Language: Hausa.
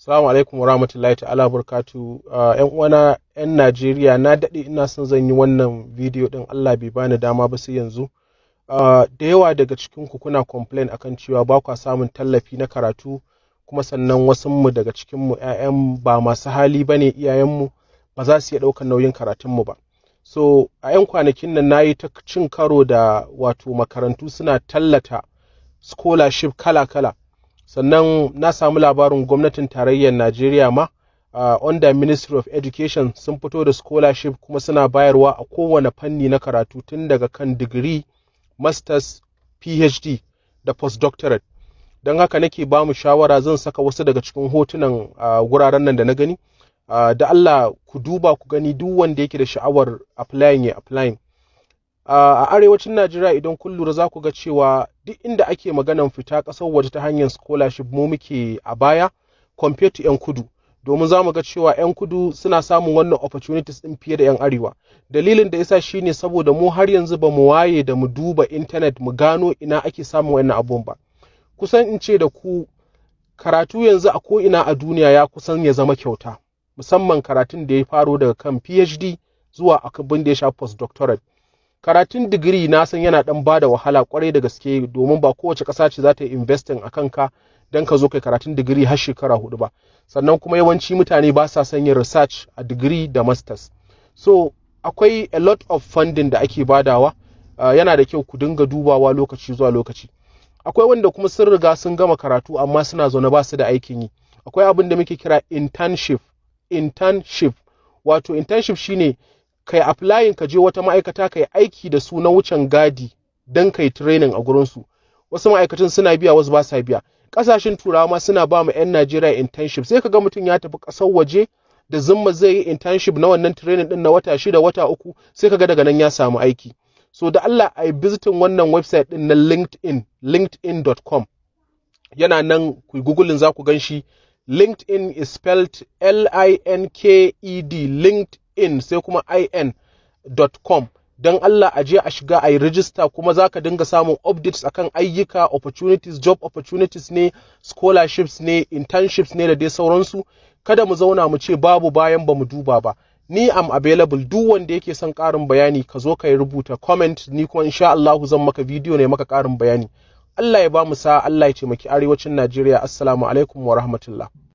Salamu alaikum warahmatullahi ta'ala burkatu yan uh, uwana yan Najeriya na daɗe ina son zan yi wannan bidiyo ɗin Allah bai bani dama ba sai yanzu. Uh, da yawa daga cikin ku kuna complain akan cewa ba kwa samun tallafi na karatu kuma sannan wasu mu daga cikin mu ƴaƴan ba masu hali bane iyayen mu ba za su iya ɗaukar nauyin karatun mu ba. So a yan kwanakin nan nayi ta cin karo da wato makarantu suna tallata scholarship kala-kala sannan na samu labarin gwamnatin tarayyar najeriya ma under ministry of education sun fito da scholarship kuma suna bayarwa a kowane fanni na karatu tun daga kan digiri masters phd da postdoctorate don haka nake ba mu shawara zan saka wasu daga cikin hotunan wuraren nan da na gani da allah ku duba ku gani duk wanda yake da sha'awar applying ya applying a arewacin najeriya idan kun lura za ku ga cewa duk inda ake maganan fita kasar waje ta hanyar scholarship mu muke a baya compared to 'yan kudu domin za mu ga cewa 'yan kudu suna samun wannan opportunities ɗin fiye da 'yan arewa dalilin da yasa shine saboda mu har yanzu ba mu waye da mu duba intanet mu gano ina ake samun wannan abun ba kusan in ce da ku karatu yanzu a ko'ina a duniya ya kusan ya zama kyauta musamman karatun da ya faro daga kan phd zuwa abin da ya sha postdoctorate karatun digiri na san yana dan bada wahala kwarai da gaske domin ba kowace ƙasa ce za ta yi investing a kanka don ka zo kai karatun digiri har shekara hudu ba sannan kuma yawanci mutane ba sa son yin research a digiri da masters so akwai a lot of funding da ake badawa uh, yana da kyau ku dinga dubawa lokaci zuwa lokaci akwai wanda kuma sun riga sun gama karatu amma suna zaune ba su da aikin yi akwai abin da muke kira internship internship wato internship shine kai applying ka je wata ma'aikata kai aiki da su na wucin gadi don kai training a gurinsu wasu ma'aikatan suna biya wasu ba sa biya kasashen turawa ma suna ba mu 'yan najeriya internship sai ka ga mutum ya tafi ƙasar waje da zumma zai yi internship na wannan training din na wata shida wata uku sai ka ga daga nan ya samu aiki so da Allah a visiting wannan website din na LinkedIn linkedin.com yana nan ku google za ku gan shi LinkedIn is spelled L I N K E D linked in sai kuma in.com don Allah a je a shiga a yi rijista kuma za ka dinga samun updates akan ayyuka opportunities job opportunities ne scholarships ne internships ne da dai sauransu kada mu zauna mu ce babu bayan ba mu duba ba ni am available duk wanda yake son ƙarin bayani ka zo ka yi rubuta comment ni kuma insha Allah zan maka bidiyo ne maka ƙarin bayani Allah ya ba mu sa Allah ya taimaki arewacin Najeriya assalamu alaikum wa rahmatullah